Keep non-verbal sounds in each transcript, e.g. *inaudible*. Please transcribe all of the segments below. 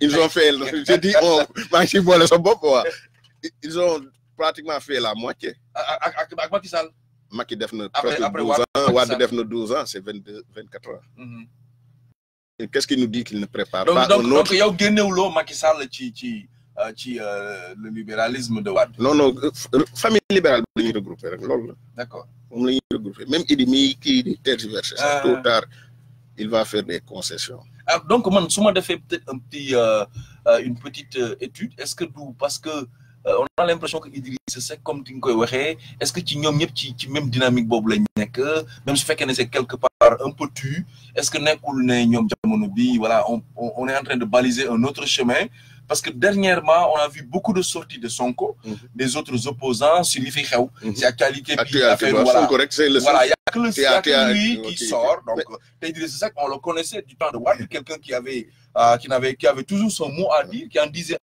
ils ont fait, j'ai dit, oh, on, maa ngi si son sa bopp ils ont pratiquement fait la moitié. ak ak ak Macky Sall. Macky def presque ans Wade def ans c'est 24 heures. ans. Mhm. qu'est-ce qu'il nous dit qu'il ne prépare pas un autre donc donc yow génnewuloo Macky Sall ci ci euh, ci euh, le libéralisme de Wad. non non euh, famille libérale bi la regroupé d'accord moom la regroupé même Idi mii kii di tout ah. à tard il va faire des concessions. Ah, donc, man, je on fait peut-être un euh, euh, une petite euh, étude, est-ce que nous, parce que a on a l'impression que Idriss comme tu est-ce que tu pas une même dynamique, même si c'est quelque part un peu tu, est-ce que nous, voilà, on, on est en train de baliser un autre chemin parce que dernièrement, on a vu beaucoup de sorties de Sonko, mhm. des autres opposants sur l'IFI. Mhm. c'est actualité. qualité il n'y a que lui qui sort. Donc, c'est ça qu'on le connaissait du temps de mhm. quelqu'un qui avait euh, qui, qui avait toujours son mot à dire, qui en disait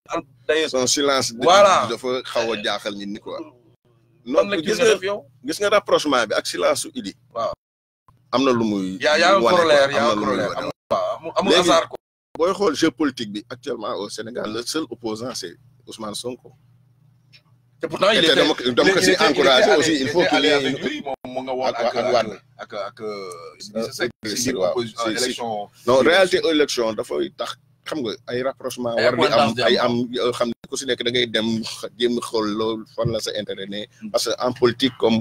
Son silence voilà booy xool géopolitique bi actuellement au Sénégal le seul opposant c'est Ousmane Sonko. te pourtant il était démocratie encouragé aussi il faut qu'il ait une nga woon ak ak ak euh, ak euh, euh, élection non réalité élection dafay tax xam nga ay rapprochement war di am ay am xam ne ku si nekk da ngay dem jéem xol loolu fan la sa intérêt ne mm. parce que en politique comme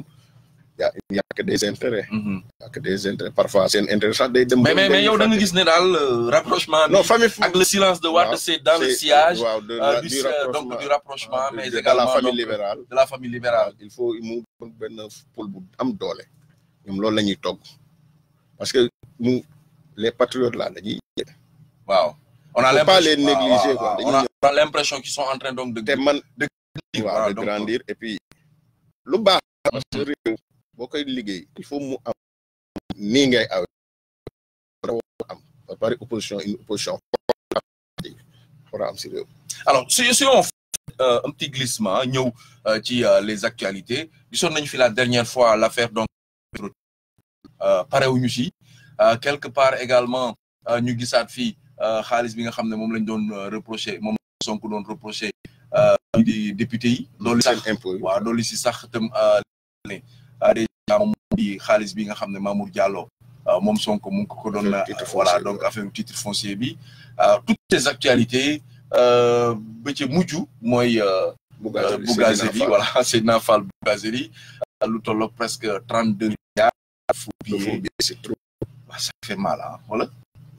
il y a que des intérêts. Mhm. il y a que des intérêts parfois c'est intérêt sax des, dem. mais mais yow da nga gis ne daal euh, rapprochement. non famille ak le silence de Wade c'est dans le sillage. Euh, du euh, donc du rapprochement. Ah, mais également de la famille libérale de la famille libérale. il faut mu benn pôle bu am doole. ñoom loolu la ñuy togg parce que nous les patriotes là dañuy. Wow. on a pas les négliger quoi on a l'impression qu'ils sont en train donc de. de grandir de grandir et puis lu baax. Mhm bokay liguey liggéey il faut mu am ni ngay aw am ba pare opposition une opposition pour am ci réew alors si si on euh, un petit glissement ñeu ci euh, les actualités gisoon nañu fi la dernière fois l'affaire donc euh, wuñu ci quelque part également ñu gisaat fi xaalis bi nga xamne mom lañ doon reprocher mom sonku doon euh des députés yi loolu sax wa loolu ci sax tam ne moom bi xaalis bi nga xam ne Mamour Diallo euh, moom Sonko mu ngi ko doon voilà donc affaire titre foncier bi euh, toutes ces actualités euh, ba ci mujj mooy Bougazeli voilà Seydina Fall *laughs* Bougazeli lu tolloog presque trente deux milliards faux billets c'est trop bah, ça fait mal hein, voilà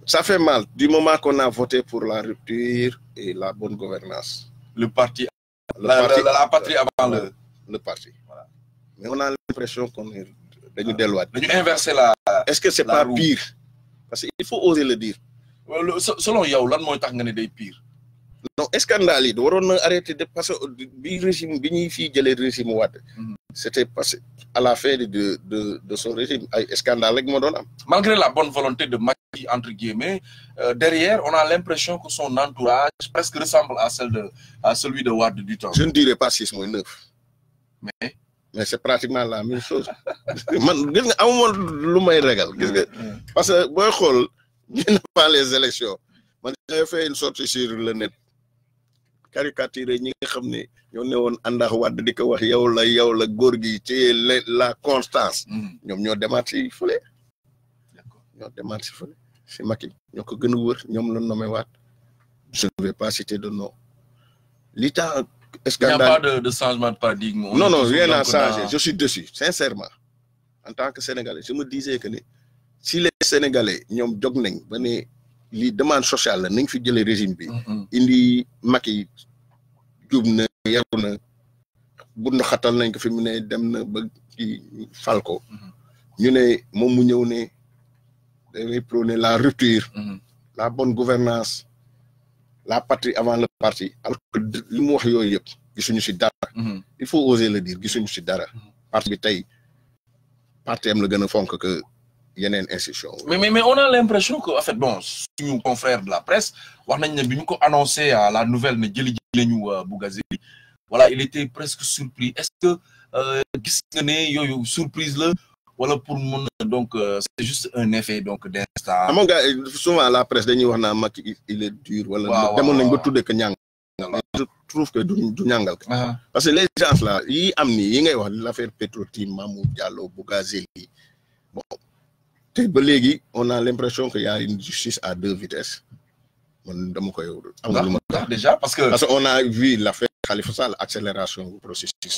ça fait mal du moment qu'on a voté pour la rupture et la bonne gouvernance le parti la patrie avant le, le parti voilà mais on a l'impression qu'on est dañu ah. delluwaat inverser la est-ce que c'est pas pire parce qu'il faut oser le dire selon yow lan est tax nga pire non scandale il On arrêter arrêté de passer au régime bi ñuy régime mhm. c'était passé à la fin de de de son régime ay scandale rek malgré la bonne volonté de Macky entre guillemets euh, derrière on a l'impression que son entourage presque ressemble à celui de Wade du temps je ne dirais pas c'est moins neuf mais mais c'est pratiquement la même chose *laughs* man gis nga amu lu may regal gis nga parce que booy xool ñu pas les élections man j'ai fait une sortie sur le net caricature ñi nga xam ne ñoo ne woon àndax wàdd di ko wax yow la yow la góor gi ci la constance mm. ñoom ñoo demaat si fële ñoo demaat si fële si Macky ñoo ko gën a wër ñoom la nommé waat je ne vais pas de nom li tax Il n'y a pas de, changement de paradigme. non, non, rien n'a changé. Je suis dessus, sincèrement. En tant que Sénégalais, je me disais que si les Sénégalais, ils ont les demandes sociales, ils ont besoin le régime, ils ont dit la rupture mm-hmm. la bonne gouvernance la patrie avant le parti alors que li mu wax yooyu yëpp gisuñu si dara mhm. il faut oser le dire gisuñu ci dara mhm. parti bi tay parti am la gëna fonk que yenen institution mais mais mais on a l'impression que en fait bon suñu confrère de la presse wax nañ ne bi ko annoncé à la nouvelle ne jëli ji lañu euh, Bougazeli voilà il était presque surpris est-ce que euh, gis nga ne yooyu surprise la voilà pour mun na donc euh, c'est juste un effet donc d'instant. mon gars souvent à la presse dañuy wax naa il est dur. wala demoon nañ ba tuddee que ñang je trouve que du du ah. parce que les gens là yi am ni yi ngay wax l'affaire Petrotim mamou Diallo Bougazelli bon te ba légui on a l'impression que y a une justice à deux vitesses man dama koy am déjà parce que parce qu'on on a vu l'affaire Khalifa Sall accélération processus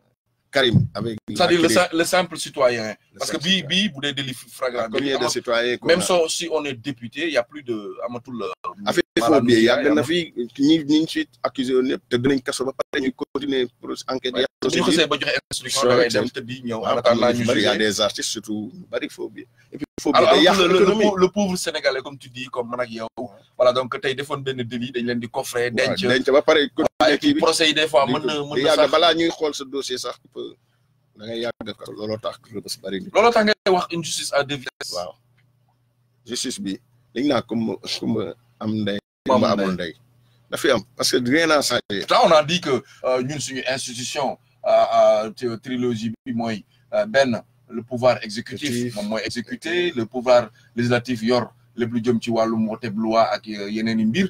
Karim avec. C'est-à-dire le, le, simple citoyen. Le parce simple que bi, bi, vous avez fragrant. Combien de citoyens Même so, si on est député, il n'y a plus de. Euh, Affaire de phobie, il y a une fille qui suite accusée, te donne une casse, nous continuer pour enquêter. Il y a des artistes surtout, il phobie. Et puis, phobie. Alors, le, pauvre Sénégalais, comme tu dis, comme Managio, voilà, donc tu as défendu des délits, il y a des coffrets, des kii ah, procès yi des fois mën na mën na yàgg bala ñuy xol ce dossier sax da ngay yàgg lolo tax le rëbës bari lolo tax ngay wax injustice justice à deux vitesses waaw justice bi dañ na comme comme am ndey ma amul ndey fi am parce que rien n'a changé pourtant on a dit que euh, ñun suñu institution euh, euh, trilogie bi moy ben le pouvoir exécutif moom mooy exécuté le pouvoir législatif yor lépp lu jëm ci wàllum woteeb loi ak yeneen mbir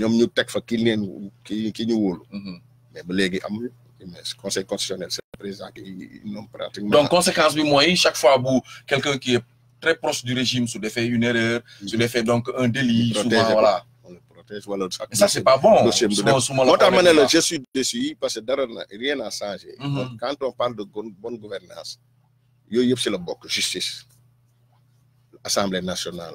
ñom ñu tek fa ki leen ki ki ñu mhm. mais ba conseil constitutionnel c'est le président qui nomme pratiquement. donc conséquence bi moyen, chaque fois bu quelqu'un qui est très proche du régime sous fait une erreur. Mhm. su fait donc un délit. voilà on le protège Mais ça c'est pas bon je suis déçu parce que rien n'a changé. Mhm. quand on parle de bonne gouvernance il y a la bokk justice. assemblée nationale.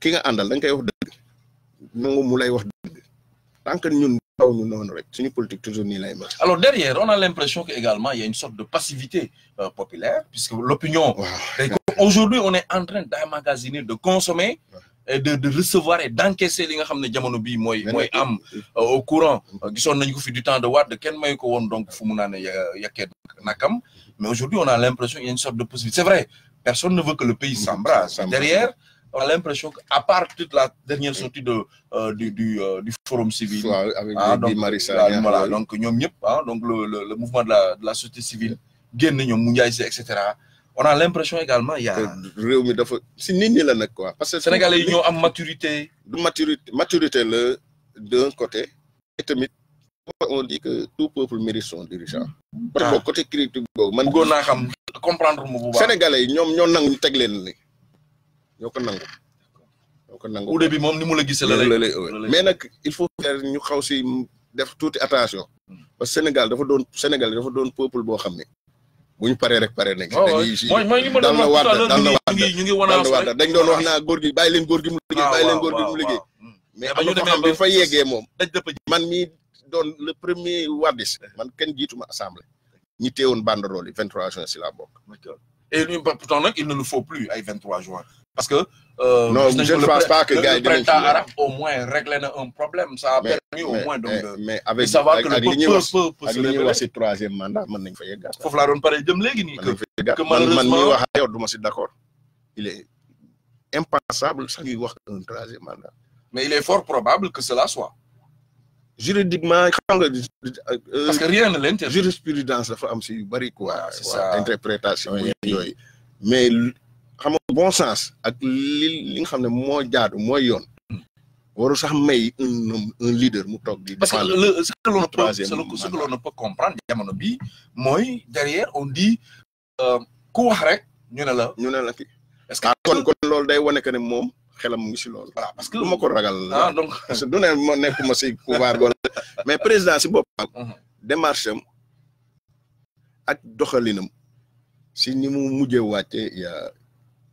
ki nga àndal da koy wax dëgg nangu mu lay wax dëgg tant que ñun daw ñu noonu rek suñu politique toujours ni lay mel. alors derrière on a l'impression que également il y a une sorte de passivité euh, populaire puisque l'opinion wow. aujourd'hui on est en train d'emmagasiner de consommer et de, de recevoir et d'encaisser li nga qui ne jamono bii mooy mooy am euh, au courant euh, gisoon nañu ko fi du temps de voir de may ko woon donc fu mu naa nakam mais aujourd'hui on a l'impression il y a une sorte de possibilité c'est vrai personne ne veut que le pays mm-hmm. s'embrasse derrière on a l'impression qu'à part toute la dernière sortie de, euh, du, du, euh, du, forum civil, avec hein, donc, là, donc, ah, le, mouvement de la, de la société civile, etc. On a l'impression également, il y a... C'est nini là, quoi. Parce que Sénégalais, ils ont maturité. Maturité, maturité le d'un côté, et on dit que tout peuple mérite son dirigeant. Parce ah. que côté critique, je comprendre. Sénégalais, ils ont une maturité. ñoo ko nangu ñoo nangu au début moom ni mu la gisee la lay mais nag il faut faire ñu xaw si def tuuti attention parce que Sénégal dafa doon Sénégal dafa doon peuple boo xam ne bu ñu paree rek pare nañ dañuy si dal na waat dal na waat ñu ngi dal na waat dañ doon wax naa góor gi bàyyi leen góor gi mu liggéey ah, bàyyi leen góor gi mu liggéey mm. mais am na bi fa yeggee moom man mi doon le premier wadis man ken jiituma assemblée ñi teewoon banderole yi 23 juin si laa bokk et lui pourtant nag il ne nous faut plus ay 23 juin parce que. Euh, non je ne pense pas que gars yi dinañ arabe au moins réglé un problème ça a permis au moins donc mais avec savoir que le peuple peut se révéler wax si troisième mandat mën nañ fa yeggaat. foofu laa doon pare jëm léegi nii. que malheureusement man man d'accord. il est impensable sax ñuy wax un troisième mandat. mais il est fort probable que cela soit. juridiquement xam nga. Euh, parce que rien ne l'interdit jurisprudence dafa am si yu quoi. Ah, interprétation yooyu mais. xam nga bon sens ak li li nga xam ne moo jaadu mooy yoon. Hmm. waru sax may un un leader mu toog di. parce que le ce que l'on peut ce que l'on peut comprendre jamono bi mooy derrière on dit euh, ku wax rek ñu ne la. ñu ne la kii est-ce que ah, kon kon loolu day wane que ne moom xelam mu ngi si loolu. voilà parce que du ma ko ragal. ah donc *laughs* du ne ma ma si pouvoir wala mais président si boppam. Uh-huh. démarche am ak doxalinam si ni mu mujjee wàcce ya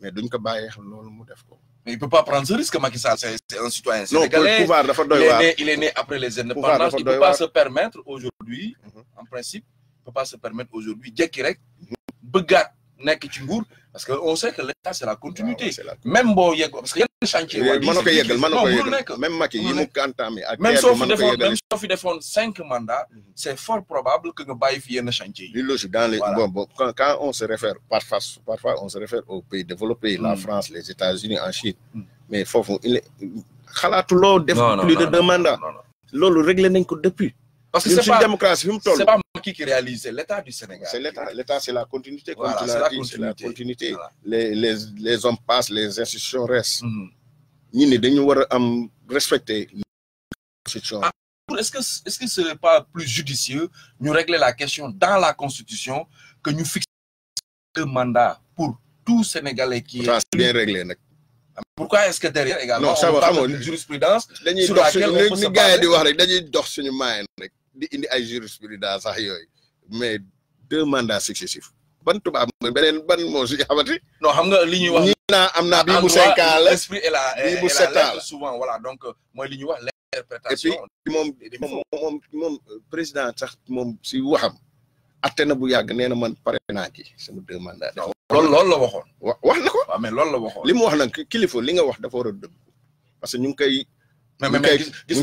mais duñ ne mais il peut pas prendre ce risque Macky c'est un citoyen il est né après les indépendances il peut pas se permettre aujourd'hui mhm. en principe il peut pas se permettre aujourd'hui jekki rek parce que on sait que l'état c'est la continuité même si parce que même même même mandats mhm. c'est fort probable que nga un fi quand on se réfère parfois on se réfère aux pays développés la mm. France les États-Unis en Chine mm. mais il lo plus de deux mandats depuis parce que c'est pas, démocratie, pas moi qui réalise, l'État du Sénégal. l'État, c'est la continuité, la continuité. Les, les, les, hommes passent, les institutions restent. Nous devons respecter l'état institutions. Est-ce que, est-ce que ce n'est pas plus judicieux nous régler la question dans la Constitution que nous fixer un mandat pour tout Sénégalais qui est... bien réglé, pourquoi est-ce que derrière également non, ça on va, parle de jurisprudence sur laquelle on peut se parler di indi ay jurisprudence sax yoy mais deux mandats successifs ban tuba benen ban mo ci xamati non xam nga li ñuy wax. ñii amna bi naa bii bu cinq ans la esprit et la bi bu 7 ans souvent voilà donc moy li ñuy wax l'interprétation. et puis mom mom moom président sax mom ci waxam. atena bu yag neena man parena ci sama deux mandats. loolu loolu la waxon wax nako ko. mais loolu la waxon limu wax nak kilifa li nga wax dafa wara deug parce que ñu ngi koy. mais il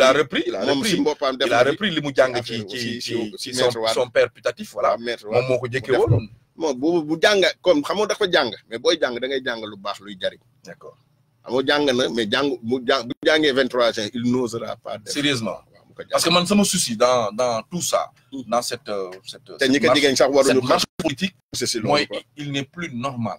a repris son père putatif il n'osera pas sérieusement parce que souci dans tout ça hmm. dans cette euh, cette politique il n'est plus normal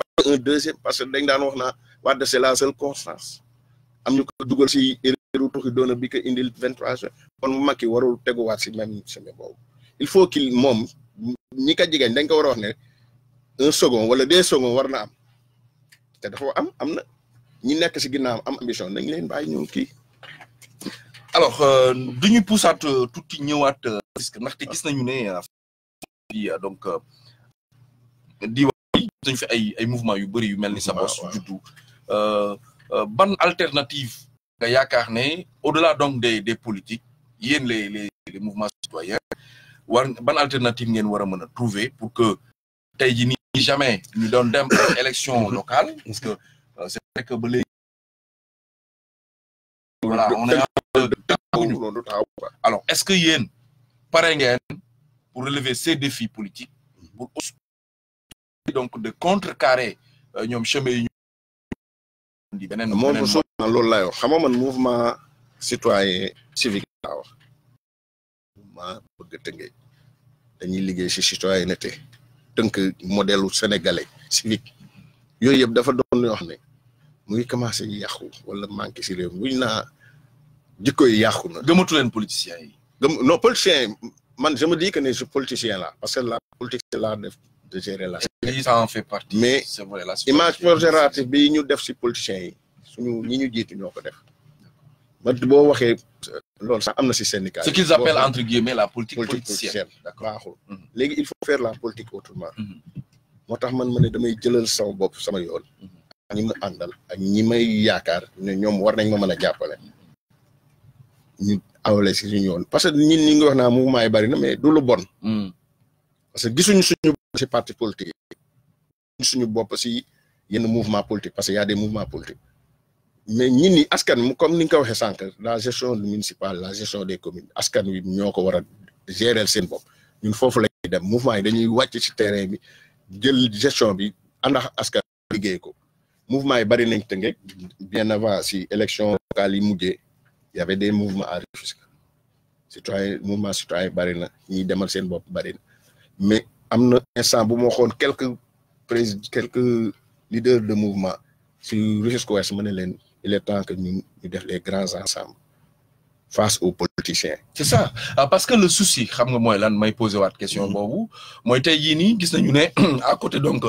un deuxième parce que dañ dan wax naa Wade c'est la seule constance am ñu ko duggal ci erreur tuxi doona bi ke indil 23 trois juin kon Macky warul teguwaat ci même chemin boobu il faut qu'il mom ñi ko jigéen dañ ko wara wax ne un second wala deux seconds war na am te dafa am amna ñi nekk ci ginnam am ambition nañ leen bay ñu ki alors euh, duñu poussat euh, tout ñëwaat euh, risque ndaxte gis nañu né bi donc di il ay ay euh, euh, ban alternative nga au-delà donc des des politiques yéen les les les mouvements citoyens ban alternative a a trouver pour que jamais ñu doon dem *coughs* élection locale parce que euh, c'est que est alors est-ce y a pour relever ces défis politiques donc de contre carré euh, ñoom chemin yi ñu di beneen moom souvent loolu laay wax xam nga man mouvement citoyen civique laa wax mouvement bëgg tëngeej dañuy liggéey ci citoyenneté tënk modèle sénégalais civique yooyu yëpp dafa doon yoo xam ne mu ngi commencé yàqu wala manqué ci réew buñ naa jikko yi yàqu na gëmatu leen politiciens yi gëm non politiciens yi man je me dis que ne je politicien là parce que la politique c'est l'art de de gérer la. lii ça en fait partie. mais image péjorative bi ñu def si politiciens yi suñu ñi ñu jiitu ñoo ko def man boo waxee loolu sax am na si ce qu'ils appellent entre guillemets la politique politique politicienne. baaxul mhm. léegi il faut faire la politique autrement. Mhm. moo tax man ma ne damay jëlal sama bopp sama yoon. ak mhm. ñi ma andal ak ñi may yaakaar ne ñoom war nañ ma mën a jàppale. ñu awale si suñu yoon parce que ñun ñi ngi wax naa mouvement yi bari na mais du lu bon parce que gisuñu suñu ci parti politique suñu bopp ci yenn mouvement politique parce qu'il y a des mouvements politiques mais ñi ni askan comme ni nga ko waxee sànq la gestion municipale la gestion des communes askan wi ñoko wara gérer sen bopp ñun fofu lañuy dem mouvement yi dañuy wacc ci terrain bi jël gestion bi ànd askan liggéey ko mouvement yi bari nañ tëngeeg bien avant si élection locale yi il y avait des mouvements à Rufisque citoyen mouvement citoyen bari na ñi demal sen bopp bari na mais amna instant bu mo xone quelques quelques leaders de mouvement si risque Ouest ma ne il est temps que ñu ñu def les grands ensemble face aux politiciens. c'est ça ah, parce que le souci xam nga moy lan may poser waat question mm-hmm. bobu moy tay yi ni gis nañu né *clears throat* à côté donc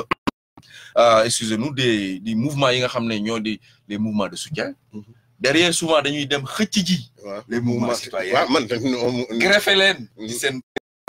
ah, excusez-nous des des mouvements yi nga xamné ne ñoo di les mouvements de soutien. Mm-hmm. derrière souvent dañuy dem xëcc ji. les mouvements citoyens man greffé len di seen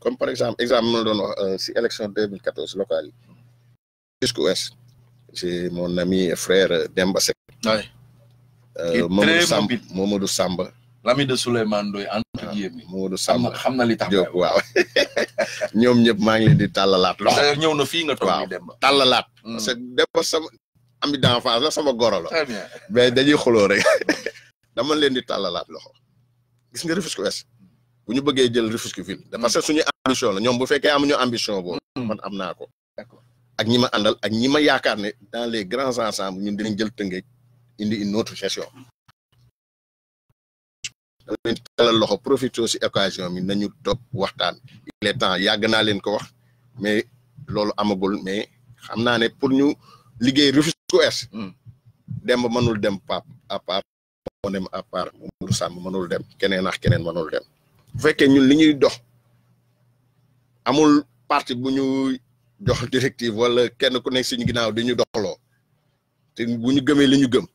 comme par exemple exemple ma doon euh, si élection 2014 locale yi jusqu'au ouest j'ai mon ami et frère euh, Demba Oui. Euh, Momodou Samba l'ami de Souleymane Ndoye entre guillemets ah, Momodou Samba Xamna li tax Diop waaw *laughs* ñoom ñëpp ngi leen di talalat, loxo ñew na fi nga tok waaw Demba Talalat. Hmm. parce que Demba sama ami d'enfance la sama goro la très bien mais dañuy xuloo rek *laughs* dama leen di talalat, loxo gis nga Rufisque bu ñu bëggee jël Rufisque ville. Mm. parce que suñu ambition la ñoom bu fekkee ñu ambition boobu. Mm. man am naa ko. d'accord ak ñi ma àndal ak ñi ma yaakaar ne dans les grands ensembles ñun dinañ jël tëngeej indi une autre gestion. dama loxo profité si occasion bi nañu toog waxtaan. il est temps yàgg naa leen ko wax mais loolu amagul mais xam naa ne pour ñu liggéey Rufisque Ouest. Mm. dem mënul dem pap à part moo dem à part Mourou Samb mënul dem keneen nax keneen mënul dem. bu fekkee ñun li ñuy dox amul parti bu ñu jox directive wala kenn ku nekk suñu ginnaaw di ñu doxaloo te bu ñu gëmee li ñu gëm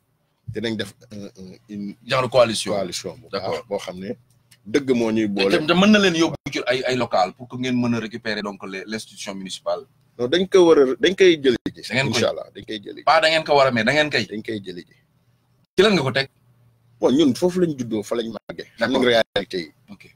dinañ def euh, euh, une genre coalition coalition d'accord boo xam ne dëgg moo ñuy boole te mën na leen yóbbu ci ay ay local pour ngeen mën a récupérer donc l'institution municipale non dañ ko war a dañ koy jëli ji incha dañ koy jëli ji pas da ngeen a ngeen koy dañ koy jëli ji lan nga ko teg bon ñun foofu lañ juddoo fa lañ màggee xam nga réalité yi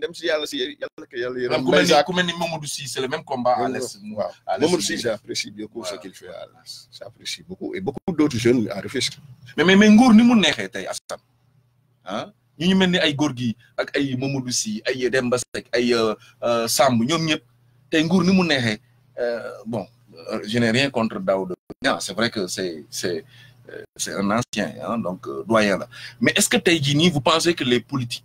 dem ci yalla si yalla que yalla yalla ku mel ni ku mel ni Mamadou Sy c'est le même combat à l'Est. waaw Mamadou Sy j'apprécie beaucoup ce qu'il fait à l'Est j'apprécie beaucoup et beaucoup d'autres jeunes à Rufisque. mais mais mais nguur ni mu nexé tay Assane hein ñu melni ay gorgui ak ay Mamadou Sy ay Demba Seck ay euh, euh Samb ñom ñep tay ngour ni mu euh bon je n'ai rien contre Daouda Niang c'est vrai que c'est c'est euh, c'est un ancien hein donc euh, doyen là mais est-ce que tey jii nii vous pensez que les politiques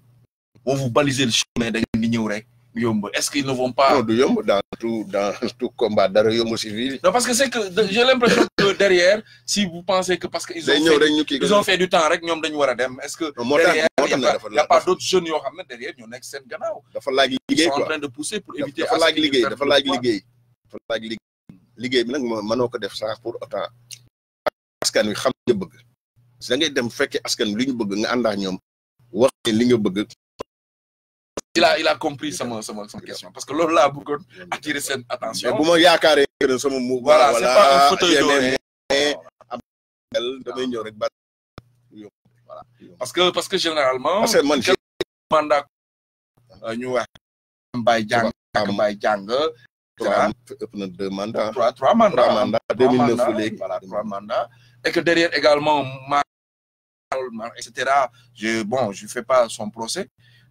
vous vous baliser le chemin da ngeen di ñëw rek yomb est-ce qu'ils ne vont pas. non du dans tout dans *laughs* tout combat dara yomb civil. non parce que c'est que j'ai l'impression que derrière si vous pensez que parce que. ils ont fait ils ont fait du temps rek ñoom dañu war dem est-ce que. Il y a pas d'autres jeunes yoo xam ne derrière ñoo nekk seen gannaaw. dafa laaj liggéey quoi ils sont en train de pousser pour éviter. dafa laaj liggéey dafa laaj liggéey. dafa laaj liggéey liggéey bi nag mënoo ko def sans pour autant. askan wi xam nga bëgg da ngay dem fekkee askan wi li ñu bëgg nga ànd ak wax li nga bëgg il a il a compris sa sama sama question parce que loolu laa bëggoon attirer cette attention. bu ma yaakaaree que sama mu. voilà c'est pas un fauteuil doré voilà parce que parce que généralement. parce que man mandat ñu wax. Mbaye jàng ak Mbaye jàng. trois ëpp na deux mandats. trois trois mandats trois mandats 2009 léegi voilà trois mandats. et que derrière également ma et cetera je bon je fais pas son procès.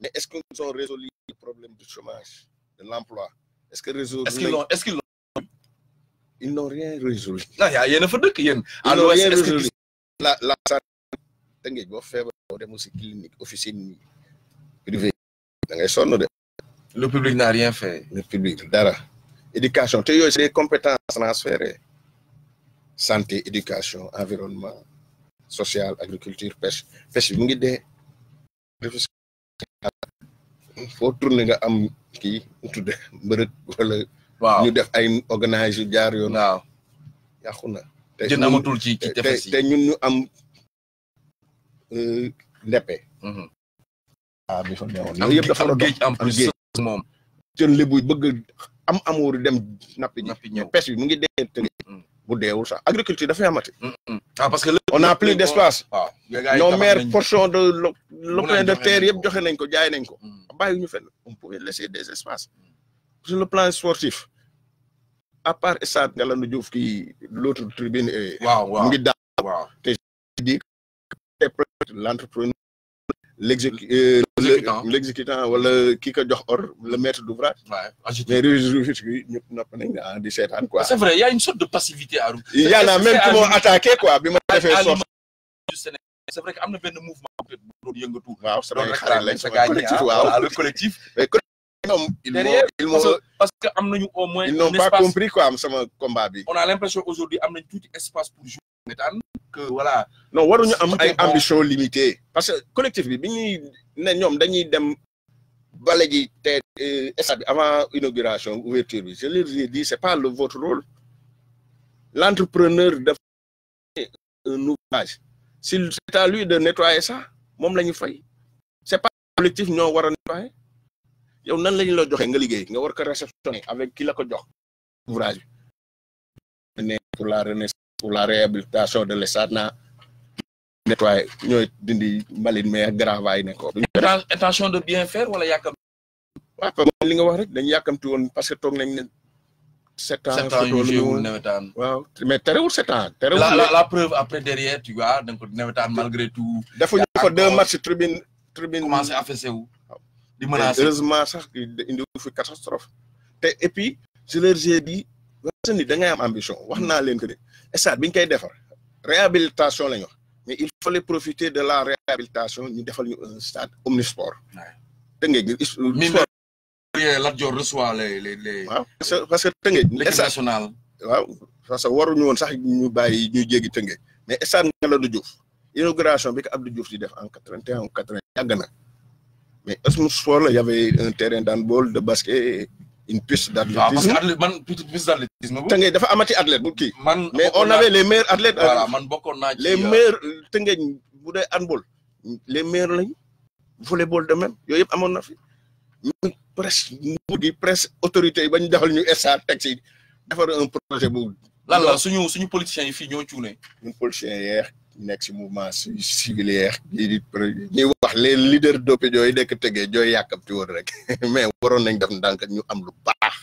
Mais est-ce qu'ils ont résolu le problème du chômage, de l'emploi Est-ce qu'ils résolu... est qu l'ont est Ils n'ont rien résolu. Non, ah, il y a rien résolu. La, la santé, clinique, officine privée. Le public n'a rien fait. Le public, d'ara. Éducation, tu as des compétences transférées. Santé, éducation, environnement, social, agriculture, pêche. Pêche, vous a des foo tourné nga am kii tudde mbërët wala. waaw ñu def ay organise yu jaar yoon. waaw yàqu na. te jën amatul ci tefes yi ñu am euh, ndeppe. Mhm. ah bi fa newoon loolu yëpp dafa doon am géej moom. jën li bëgg am amuur dem nappi ñëw nappi ñëw pes bi mu ngi dee tënk. bu ça ça agriculture dafay amati. Mm, mm. ah parce que on a plus d'espace. Non ah, nos meilleures portions le lopin de terre il y a ko mm. on pouvait laisser des espaces. sur le plan sportif à part ça, le y qui l'autre tribune. waaw waaw l'entrepreneur euh, l'exécutant l'exécutant le maître d'ouvrage mais ah, c'est vrai il y a une sorte de passivité il y en a même qui m'ont attaqué c'est vrai qu'il y a un mouvement ah, le collectif. ils n'ont pas compris combat on a l'impression aujourd'hui y tout espace pour jouer que voilà non waruñu am ay ambition limitée parce que collectif bi bi ñuy ne dañuy dem bale ji eh, avant inauguration ouverture je leur ai dit c'est pas le votre rôle l'entrepreneur def un ouvrage s'il c'est à lui de nettoyer ça moom la ñu fay c'est pas collectif ñoo war a nettoyer yow nan la ñu la joxe nga liggéey nga war ko réceptionner avec ki la ko jox ouvrage bi pour la renaissance pour la réhabilitation de l'ESAT na nettoyer ñooy dindi mbalit mais gravaay ne ko intention de bien faire wala yàkkam waaw li nga wax rek dañu yàkkamti woon parce que toog nañ ne sept ans sept ans yu jéewul waaw mais terewul sept ans terewul la la preuve après derrière tu vois donc nawetaan malgré tout dafa ñu ko deux matchs tribune tribune commencé affaissé wu di menacer heureusement sax indi fi catastrophe et puis je leur ai dit waxtaan ni da ngay am ambition wax naa leen que ne stade bi ñu koy defar réhabilitation la ñu wax mais il fallait profiter de la réhabilitation ñu defal ñu un stade omnisport. Tëngéej la sport mine Lat Dior reçoit les les parce que parce que Tëngéej. l'équipe nationale waaw parce que waruñu woon sax ñu bàyyi ñuy jéggi Tëngéej mais stade Ngalandou Diouf inauguration bi ko Abdou Diouf di def en quatre vingt et un ou quatre vingt na mais sport la y avait un terrain d'handball de basket. une piste ah, mais on avait les meilleurs athlètes. Euh, les euh, meilleurs handball les meilleurs volleyball de même presse autorité un projet la suñu suñu politiciens politiciens hier, mouvement civil wax les leaders d'opinion yi nekk tegee ñooy yàkkamti woon rek *laughs* mais waroon nañ def ndank ñu am lu baax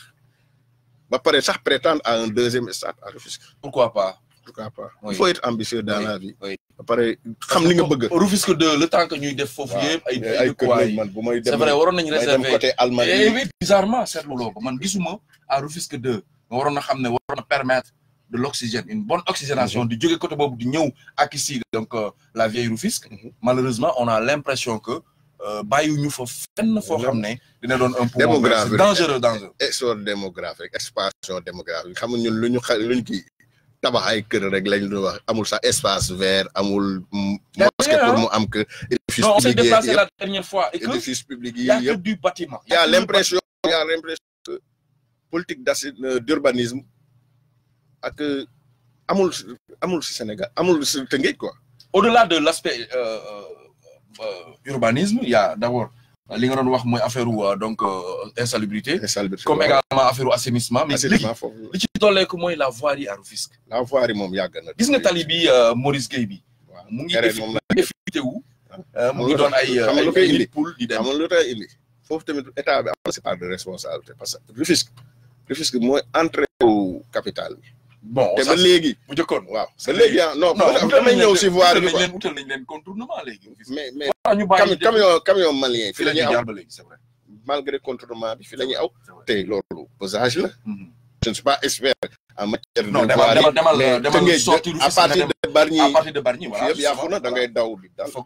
ba paré sax prétendre à un deuxième stade à Rufisque. pourquoi pas. pourquoi pas il faut être ambitieux dans la vie. ba paré xam li nga bëgg. Rufisque de le temps que ñuy def foofu yëpp. ay ay dëkkuwaay man bu may dem c'est vrai waroon nañ réserver côté Allemagne. Eh bizarrement seetlu loo man gisuma à Rufisque 2 nga na xamné ne na permettre de l'oxygène, une bonne oxygénation mm -hmm. du donc euh, la vieille Rufisque. Mhm. Malheureusement, on a l'impression que euh, bayuñu fa fenn foo xam ne dina doon un dangereux dangereux démographique expansion démographique xam nga ñun lu qui lu ñu tabax ay kër rek lañ espace vert amul que pour hein? mu am que édifice public la dernière fois et que édifice public yi du bâtiment y a l'impression Il y a l'impression que politique d'urbanisme ak euh, amul amul ci Sénégal amul si Tëngéej quoi. au-delà de l'aspect euh, euh, euh, urbanisme il y a d'abord li nga doon wax moy affaire wu donc insalubrité. insalubrité comme également affaire assainissement. assainissement foofu mais li ci ko moy la voirie à Rufisque. la voirie mom yag na. gis nga talibi euh, Maurice Gueye bi. waaw mu ngi def effectué wu. mu ngi don ay ay ay poul di dem. lu tax indi foofu tamit état bi am c'est pas de responsabilité parce que Rufisque Rufisque moy entrée au capitale bon te ba léegi bu jëkkoon waaw ba léegi ah non damay ñëw si voir bi quoi utal nañ leen mais mais camion camion malien fi la ñuy aw c'est vrai malgré contournement bi fi la ñuy aw te loolu pesage la mhm. je ne suis pas expert en matière de partir de Bargny à partir de Bargny voilà yëpp yàqu na da ngay daw di daal fa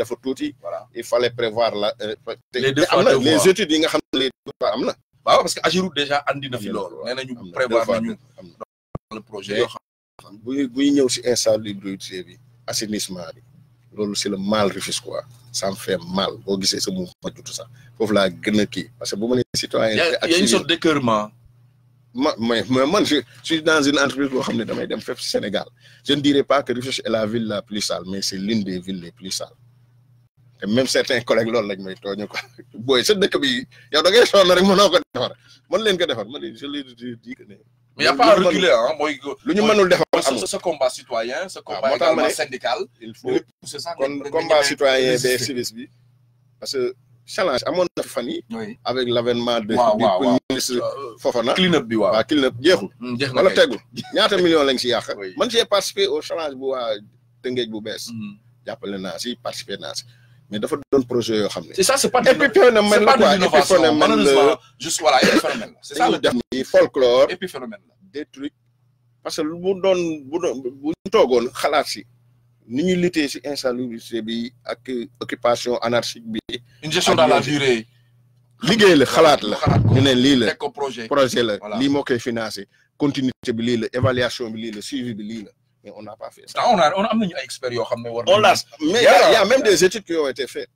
dafa tuuti voilà il fallait prévoir la euh, te am na les études yi nga xam ne les am na bah parce que Ageroute déjà andi na fi loolu. nee nañu prévoir nañu le projet yoo xam. ñew ci ñëw si insalubrité bi assainissement bi loolu c'est le mal Rufisque quoi ça me fait mal boo gisee sa mouvement tout ça fofu la gën a kii parce que bu ma nee citoyen. y a une sorte d'écœurement. ma mais mais man je suis dans une entreprise boo xam ne damay dem ci Sénégal je ne dirais pas que Rufus est la ville la plus sale mais c'est l'une des villes les plus sales. te même certains collègues loolu lañ may tooñu quoi booy sa dëkk bi yow da ngay sonn rek mënoo ko defar mën ko defar man je l'ai dit ne. mais a pas reculer lu ñu mënul defar amul ce combat citoyen ce combat également syndical. il faut kon combat citoyen bee service bi parce que challenge amoon na fan yi avec l' avènement de. waaw waaw waaw ministre Fofana. bi waaw waaw clean up jeexul. Mm, jeex wala tegul ñaata *laughs* millions lañ si yàq. man j'ai participé au challenge bu waa bu bees. Mm. jàppale naa si participer naa mais dafa doon projet yoo xam ne. c'est ça c'est pas de l'épiphénomène la quoi épiphénomène malheureusement juste voilà la. c'est folklore épiphénomène la parce que lu mu doon bu doon bu ñu toogoon xalaat si ni ñu lutter si insalubrité bi ak occupation anarchique bi. une gestion dans la durée. liggéey la xalaat la ñu ne lii la projet la lii moo koy financé continuité bi lii la évaluation bi lii la suivi bi lii la. mais on n'a pas fait ça. On a, on a amené une expérience. On a, il y, a même des études qui ont été faites.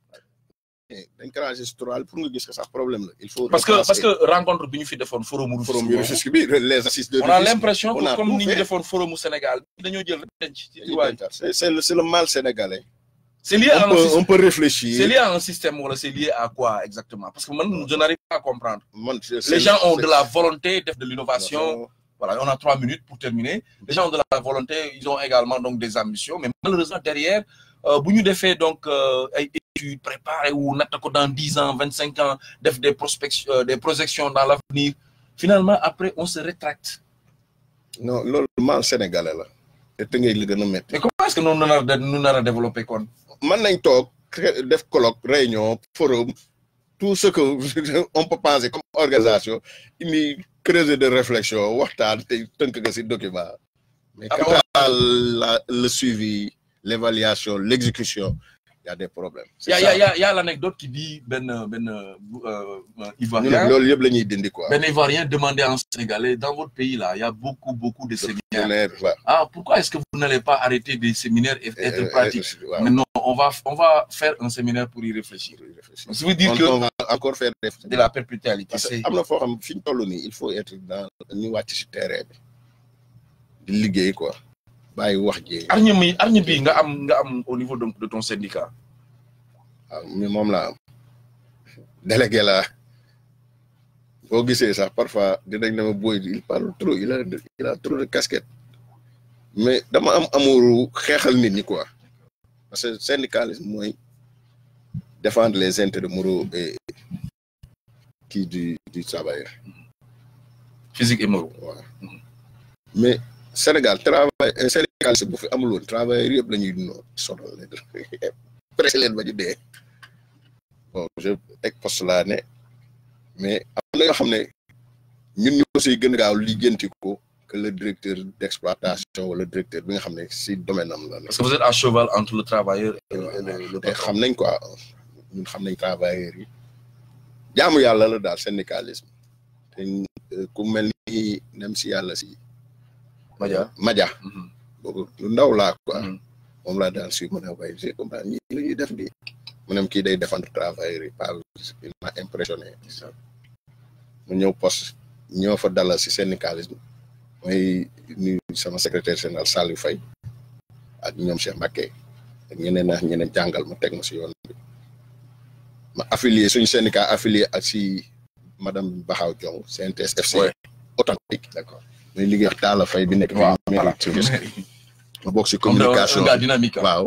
L'encourage structural pour nous dire que c'est un problème. Il faut parce, que, parce que rencontre bénéfique de Forum Forum les assises de On a l'impression que comme nous avons Forum au Sénégal, c'est le, le mal sénégalais. C'est lié on, à peut, un on peut réfléchir. C'est lié à un système ou c'est lié à quoi exactement Parce que moi, je n'arrive pas à comprendre. les gens ont de la volonté, de l'innovation on a trois minutes pour terminer. Les gens ont de la volonté, ils ont également donc des ambitions, mais malheureusement derrière, euh, bu ñu fait donc euh, ay études préparées ou natt dans 10 ans 25 ans des euh, des projections dans l'avenir finalement après on se rétracte. non le mal sénégalais là. Et tënkee li Et comment est-ce que nous avons développé développé quoi des des réunions, colloque tout ce que *laughs* on peut penser comme organisation Créer de réflexion document mais le suivi l'évaluation l'exécution il y a des problèmes il y a, l'anecdote qui dit ben ben euh, Ivoirien ben Ivoirien demandait en Sénégalais dans votre pays là il y a beaucoup beaucoup de, séminaires ah pourquoi est-ce que vous n'allez pas arrêter des séminaires et euh, être pratique euh, Non, on va on va faire un séminaire pour y réfléchir, vous que encore faire de la perpétualité parce que am na foo xam fi ñu toll il faut être dans ñu wàcc si terrain bi di liggéey quoi bàyyi wax ji. arñu mi arñu bi nga am nga am au niveau de ton syndicat. waaw mi la laa am délégué la boo gisee sax parfois dinañ dama booy il parle trop il a il a trop de casquette mais dama am amouru xeexal nit ñi quoi parce que syndicalisme mooy défendre les intérêts moraux et qui du, du travailleur. Physique et moraux. Ouais. Mais Sénégal, travail, Sénégal, c'est pour faire un travail, il y a plein de gens pressé sont... ba ñu bon je expose là laa mais Après, na yoo Nous, ne ñun ñoo siy gën a que le directeur d'exploitation ou le directeur bi nga xam ne domaine là. parce que vous êtes à cheval entre le travailleur et le. xam nañ quoi ñun xam nañ travailleurs yi yàlla la daal syndicalisme te euh, ku mel nem si yàlla si maja maja mm-hmm. boobu ndaw laa quoi mm-hmm. moom laa daan si mën a way j'ai comprendre ñi lu ñuy def bi mu kii day défendre travailleurs yi pas il m'a mu ñëw poste ñoo fa si syndicalisme mooy nuyu sama secretaire général Saliou Faye ak ñoom Cheikh Mbacké ak ñeneen ak ñeneen jàngal ma teg ma si yoon ma affilié suñu syndicat affilié ak si madame Bakhaw Diong CNTS FC. authentique d'accord mais muy liggéey ak fay bi nek waaw voilà ma *laughs* bokk si communication dynamique hein. waaw.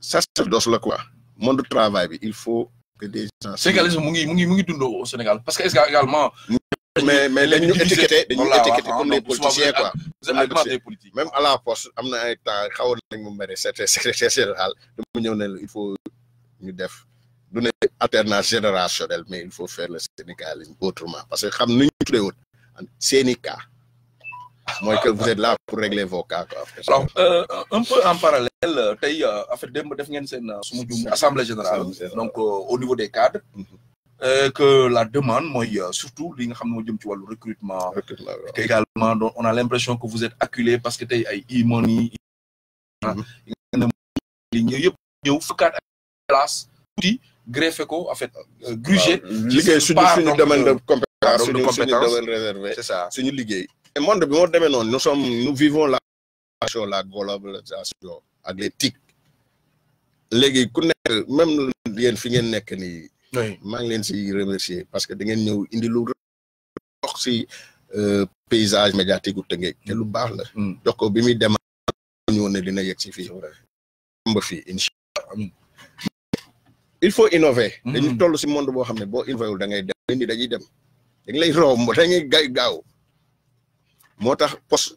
sacerdoce la quoi. monde du travail bi il faut que des gens. sénégalisme mu ngi mu ngi mu ngi dundoo au Sénégal parce que est-ce que également. mais mais les ñu étiqueté dañu étiqueté comme les politiciens quoi. même à la poste amna na ay temps xawoon nañ mu c'était secrétaire général dama ñëw il faut ñu def d'une alternance générationnelle mais il faut faire le Sénégal autrement parce que nous, sommes ñu tuddee woon seen que vous êtes là pour régler vos cas quoi. alors euh, un peu en parallèle euh, tey affaire euh, démb def ngeen assemblée générale donc au niveau des cadres mhm. que la demande moi surtout li nga xam ne jëm recrutement également on a l'impression que vous êtes acculé parce que tu ay imoni yi nga xam ne yëpp ñëw place greffer ko en fait euh, gruger. liggéey euh, suñu suñu domaine de compétence suñu domaine réservé c'est ça suñu liggéey. et monde bi moo demee non nous sommes nous vivons la la globalisation ak les TIC ku nekk même yéen fi ngeen nekk ni maa ngi leen si remercier parce que da ngeen ñëw indi lu dox si euh, paysage médiatique gu Tëngéej te lu baax la. donc mm. bi muy demal ñu ne dina yegg si fii. ba fii incha allah. Mm. il faut innover. Mhm. dañu toll si monde boo xam ne boo innové wul da ngay dem nit ñi dañuy dem dañ lay romb dañuy gay gaaw moo tax poste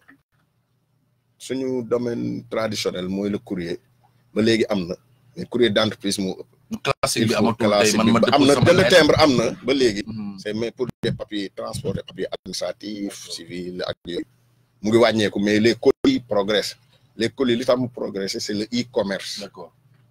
suñu domaine traditionnel mooy le courrier ba léegi am na mais courrier d' entreprise moo ëpp. classique bi amatul tey man ma am na le timbre am na ba léegi. Mhm. c' mais pour des papiers transport des papiers civil mu ngi wàññeeku mais les colis progressent les colis li tax mu progressé le e-commerce. d'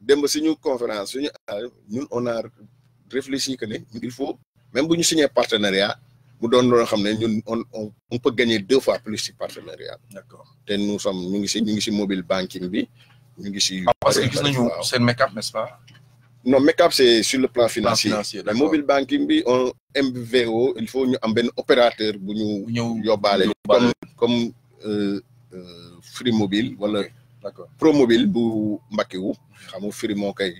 Nous suñu conférence ah, on a réfléchi que il faut même bu partenariat on peut gagner deux fois plus de partenariat. d'accord nous sommes mobile banking ah, parce que make-up n'est-ce pas. non make-up c'est sur le plan financier. Le mobile banking on MVO il faut ñu opérateur pour nous, comme euh, euh, Free mobile d'accord promobile bu Mbakiwu xam nga firi moo koy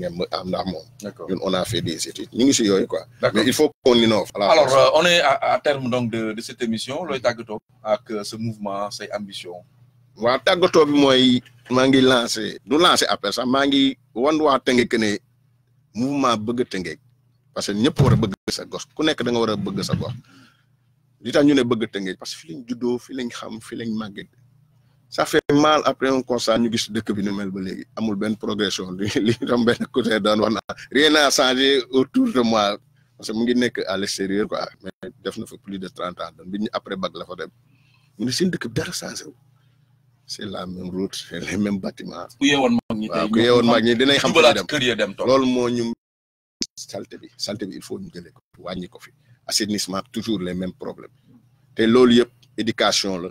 ñem am ndax moom. d'accord ñun on a fait ñu ngi si yooyu quoi. mais il faut qu'on innove. alors euh, on est à terme donc de de cette émission looy tàggatoo. ak euh, ce mouvement say ambition. waa tàggatoo bi mooy maa ngi lancé du lancé appel sax maa ngi wan waa Tëngéej ne mouvement bëgg Tëngéej parce que ñëpp war bëgg sa gox ku nekk da nga war a bëgg sa gox li tax ñu ne bëgg Tëngéej parce que fi lañ juddoo fi lañ xam fi lañ màggee ça fait mal après un constat ñu gis dëkk bi nu mel ba amul ben progression *laughs* li li tam benn côté doon wax rien n'a changé autour de moi parce que mu ngi nekk à l'extérieur quoi mais def fa plus de 30 ans bi ñu après bac la fa dem ñu ne seen dëkk dara changé c'est la même route c'est les mêmes bâtiments. ku yeewoon mag ñi on magne? yeewoon mag ñi dinañ xam kër dem loolu moo ñu salte bi salte bi il faut ñu jëlee ko wañi ko fi assainissement toujours les mêmes problèmes té lool yëpp éducation la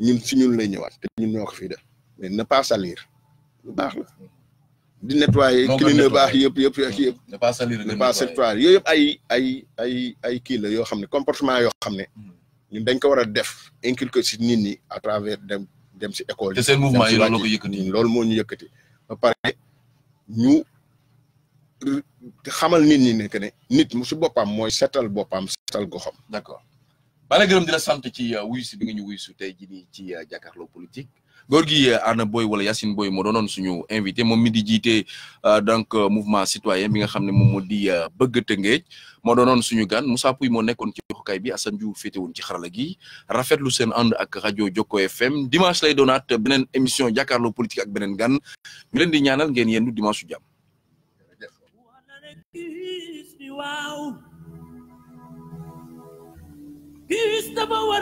ñun si ñun lay ñëwaat te ñun ñoo ko fiy def mais ne pas salir lu baax la di nettoyer cleaner baax yëpp yëpp ak yëpp ne pas salir ne pas yëpp ay ay ay ay kii la yoo xam ne comportement yoo xam ne mm. ñun dañ ko war a def inculquer si nit ñi à travers dem dem si école yi te seen mouvement yi loolu la ko yëkkati mm, loolu moo ñu yëkkati ba pare ñu xamal nit ñi ne ne nit mu si boppam mooy setal boppam setal goxam d'accord bala gërëm di la sant ci uh, wuyusi bi nga ñu wuyusu tay ji ni ci uh, jakarlo politique gor gi uh, ana Boy wala yassine Boy moo doonoon suñu invité mom mi di jiite donc mouvement citoyen bi nga xamné mom mo di bëgg suñu gan Moussa Pouy mo nekkon ci waxukaay bi Assane Diouf fété won ci xarala gi rafetlu sen and ak radio FM dimanche lay donat benen émission jakarlo politique ak benen gan ñu leen di ñaanal ngeen yennu dimanche que estavam